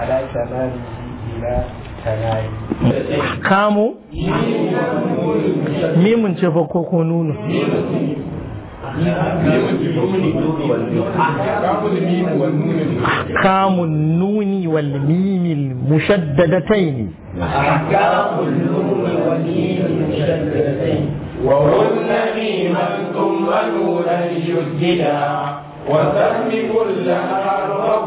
على تمامه إلى تمامه كامو ميم تفوق كونون أحكام النون والميم المشددتين أحكام النون والميم المشددتين وهن ميما ثم نونا شددا وسم كل أرض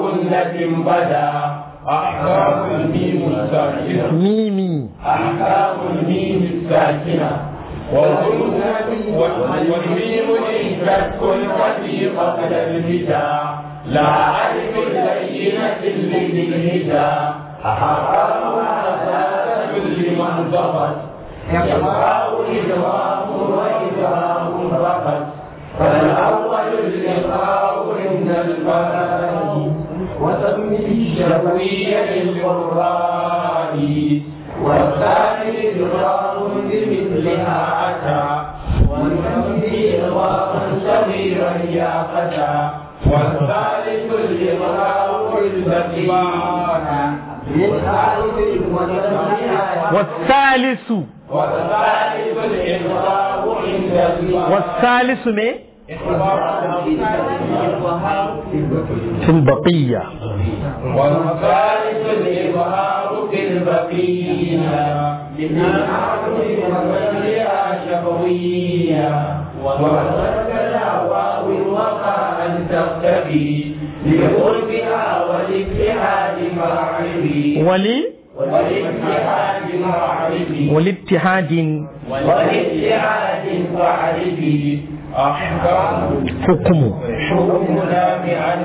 بدا أحكام الميم الساكنة ميمي أحكام الميم الساكنة والميم إن شك ففي قبل الهجاء لا أعرف اللينة اللي الهجاء أحكام ذات كل منضبط يقرأ إدرام وإدرام رقت فالأول الإقراء عند البلد الشهوية للقران والثاني إدراك بمثلها أتى والنفس إغراقا صغيرا يا فتى والثالث الإغراء البكيان والثالث والثالث الإغراء عند والثالث من في البقية والمفارس الإظهار في البقية لمن أعطي والمسرع شفوية ووصلت الأواوي وقع أن تقتبي لقربها ولابتهاج معربي ولي والابتحاد معرفي والابتحاد والابتحاد معرفي حكم حكمنا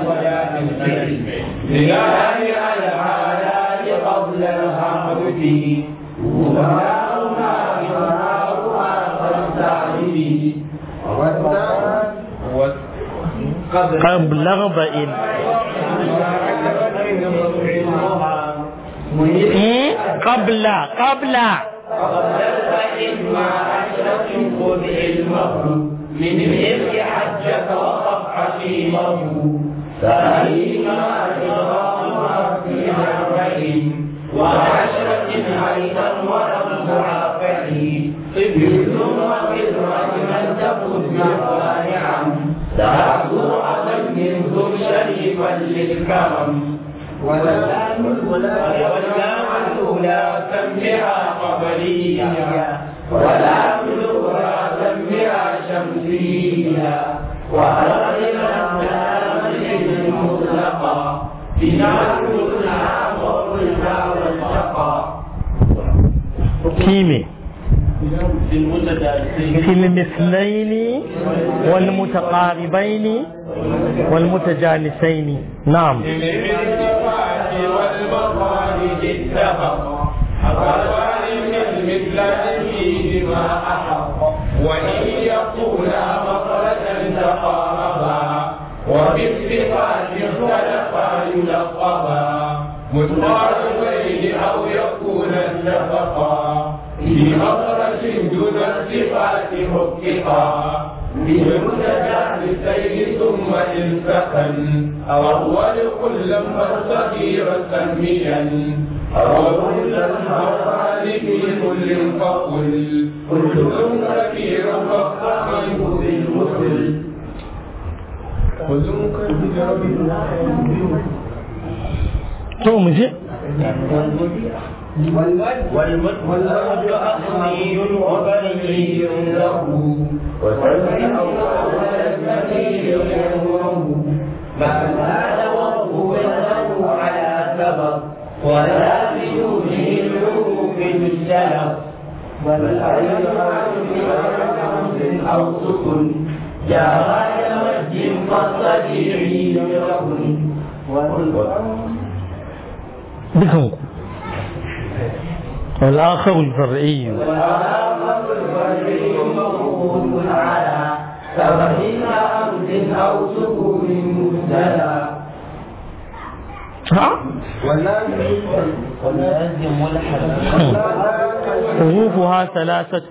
ولا بالغير لله العالى قبل الهرب قبل غضب إيه؟ قبل قبل قبل ما أشرك به علمه من إذ حج توقف عشيرته فهليما إكرامها في عمرين وعشرة أيضا ولم تعافني طفل وفطرة من تكن نعم تعذر عليه ذو شريفا للكرم ولا ولا الأولى سمعها قبليا ولا بها وخلق لنا من مطلقا في كل عام وكل كيمي في نعم. المثلين والمتقاربين والمتجالسين نعم حقا بما أحق وإن يكون مخرجا تقاربا وبالصفات اختلفا يلقبا متقارب اليه أو يكون اتفقا في مخرج دون الصفات حققا بهم ثم إلفقا أرول كلا فارتقي وسميا أرول الحرار في كل فقل كل كثيرا فاقتحمه بالمثل وزنك بجرب توم جئ والمد له فمن هذا دووا ولوا على ثمر ولا بدونه العلو من الشلق بل خير عن أو سكن يا غاية مجد فالصديعي لكن بكم والآخر الفرعي والآخر الفرعي موقوف على كبهيم أمر أو سكون مبتلى ها؟ حروفها ثلاثة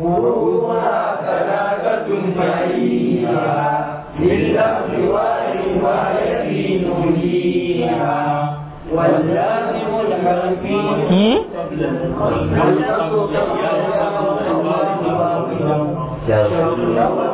حروفها ثلاثة فهيها للأمر والرواية نوليها واللازم الحرفي واللفظ كالحرف والواو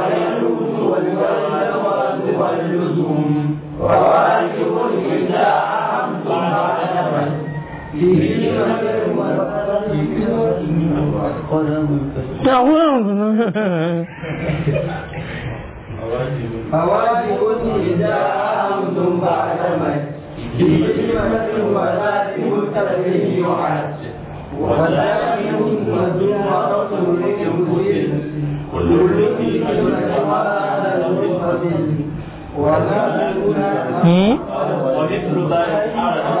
تعوام هواتف إذا أهمتم بعد مد بكل مثل وذات متبه وعد ولكن مد ورسول مبين كل في كلمة وهذا المنفصل وذات ومثل ذلك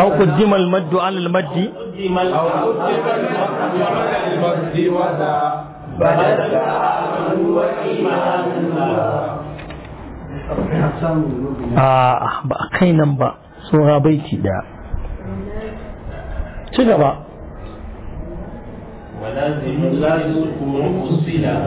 أو قدم المد على المد أو قدم المد على المد وذا بدل هو إمام ba a kai nan ba tsohon baiti da ci gaba wadanda yi zai su kuma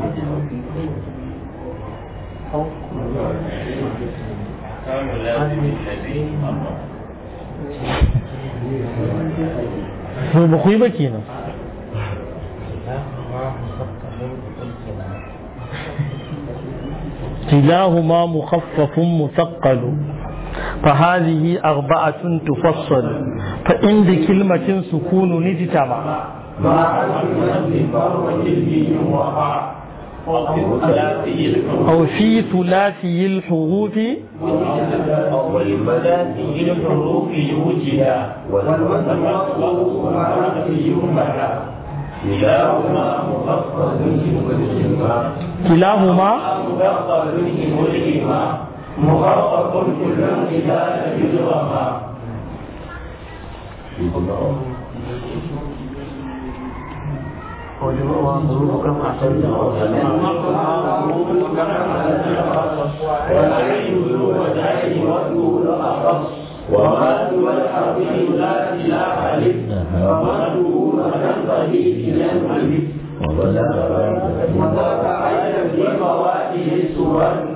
to ba ku كلاهما مخفف مثقل فهذه أربعة تفصل فإن بكلمة سكون نجتمع أو في ثلاثي الحروف أو ثلاثي الحروف يوجد والمثل يمنع كلاهما مفصل كلاهما مفصل كل إذا وقلوبكم أحسن والعين والوجعين والنور أخص ومات والحبيب لا إله إلا فماته لا ينبغي إلى الملك وذاك عين في فواكه السور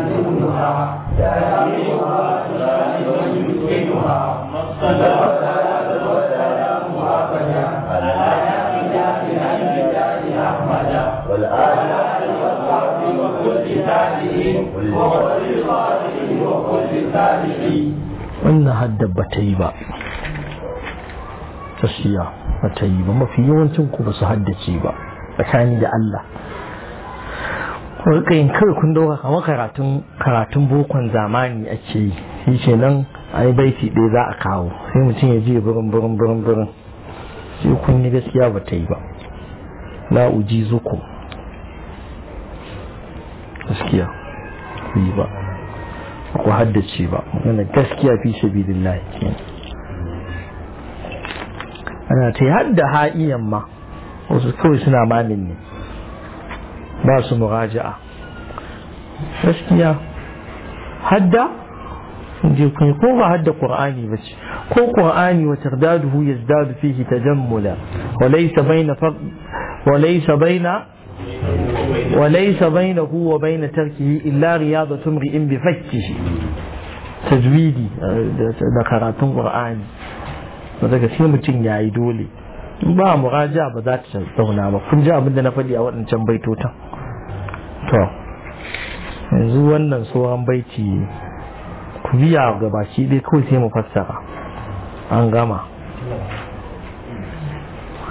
wannan haddar ba ta yi ba Tashiya ba ta yi ba mafi yawancin ku ba su haddace ba tsakani da Allah rika kawai kun dauka kama karatun karatun bokon zamani ake yi shi ke nan a yi baiti ɗaya za a kawo sai mutum ya je burin burin burin burin sai kun yi gaskiya ba ta yi ba na uji zuku gaskiya ku yi ba ku haddace ba wannan gaskiya fi sabilillah ana ta hadda ha'iyan ma wasu kawai suna mamin ne ba su muraja'a gaskiya hadda je kun ko ba hadda qur'ani ba ce ko qur'ani wa tardaduhu yazdadu fihi tajammula wa laysa baina wa laysa baina وليس بينه وبين تركه إلا رياضة امرئ بفكه تجويدي ذكرات القرآن daga sai mutum ya yi dole ba muraja ba za ta zauna ba kun ji abin na faɗi a waɗancan baitotan yanzu wannan tsohon baiti ku biya ga baki dai kawai sai mu fassara an gama